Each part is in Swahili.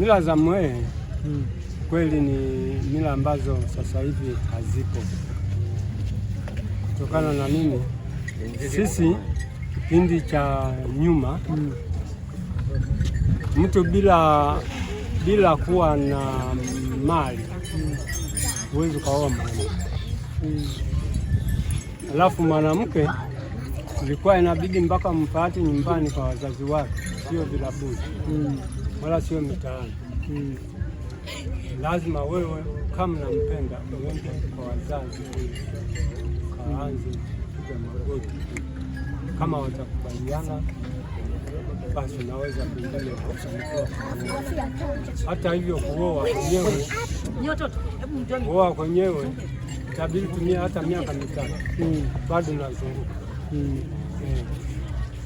Mila za mwee hmm, kweli ni mila ambazo sasa hivi hazipo kutokana na nini? Sisi kipindi cha nyuma hmm, mtu bila bila kuwa na mali huwezi hmm, ukaoa mwanamke hmm. Alafu mwanamke ilikuwa inabidi mpaka mpate nyumbani kwa wazazi wake, sio vilabudi hmm wala sio mitaani mm. Lazima wewe kama nampenda uende kwa wazazi kaanze kupiga magoti, kama watakubaliana basi unaweza kuingia kufanikiwa. Hata hivyo kuoa kwenyewe, kuoa kwenyewe itabidi tumia hata miaka mitano bado nazunguka, hmm. eh.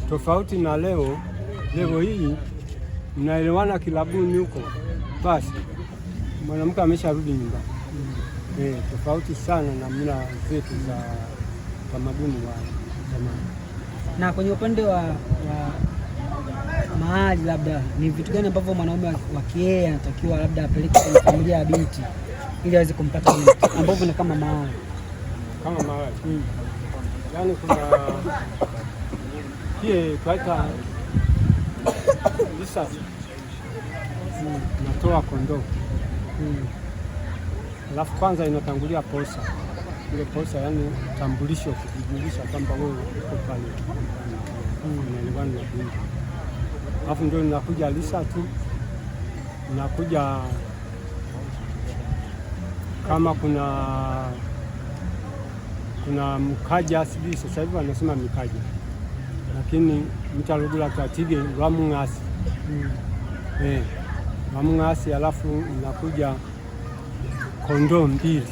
tofauti na leo. Leo hii mnaelewana kilabuni huko, basi mwanamke amesharudi nyumbani. Mm. Eh, tofauti sana na mila zetu za tamaduni wa zamani. Na kwenye upande wa, wa mahali labda ni vitu gani ambavyo mwanaume wa kiee anatakiwa labda apeleke kwenye familia ya binti ili aweze kumpata binti ambavyo ni kama mahali kama mahali. Mm. Yaani kuna pia twaita sasa natoa kondoo hmm. Alafu kwanza inatangulia posa, ile posa yani utambulisho, kujijulisha kwamba wewe uko pale naelewana hmm, na dini. Alafu ndio inakuja lisa tu, inakuja kama kuna kuna mkaja, sijui sasa hivi wanasema mikaja lakini mtalugula katige lwamung'asi mm. eh, lwamung'asi alafu inakuja kondoo mbili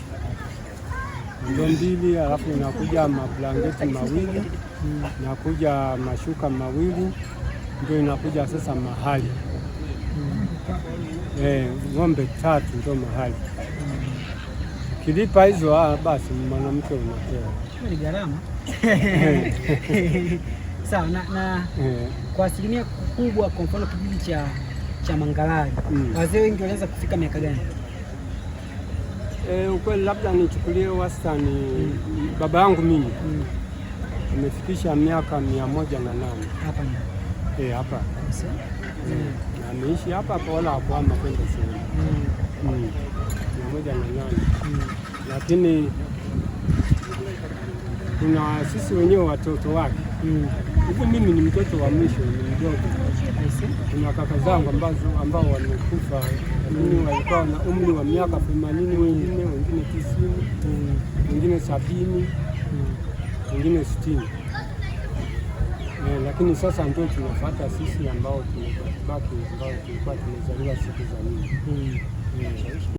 kondoo mm. mbili alafu inakuja mablangeti mawili mm. inakuja mashuka mawili ndio inakuja sasa mahali mm. eh, ng'ombe tatu ndio mahali mm. Kilipa hizo ah, basi mwanamke unapewa. Ni gharama. sawa na, na mm. Kwa asilimia kubwa, kwa mfano kijiji cha cha Mangalali mm. wazee wengi wanaweza kufika miaka gani? E, ukweli labda nichukulie wastani mm. baba yangu mimi mm. amefikisha miaka mia moja na nane hapa e, hapa mm. Mm. ameishi hapa hapa wala hakuama kwenda sehemu mm. mia moja na nane lakini kuna sisi wenyewe watoto wake hivyo mm. Mimi ni mtoto wa mwisho, ni mdogo. Kuna kaka zangu ambao wamekufa, mimi walikuwa na umri wa miaka themanini, wengine wengine tisini, mm. wengine sabini, wengine sitini. E, lakini sasa ndio tunafuata sisi ambao tumebaki ambao tulikuwa tumezaliwa siku za nyuma. Mm. Eh,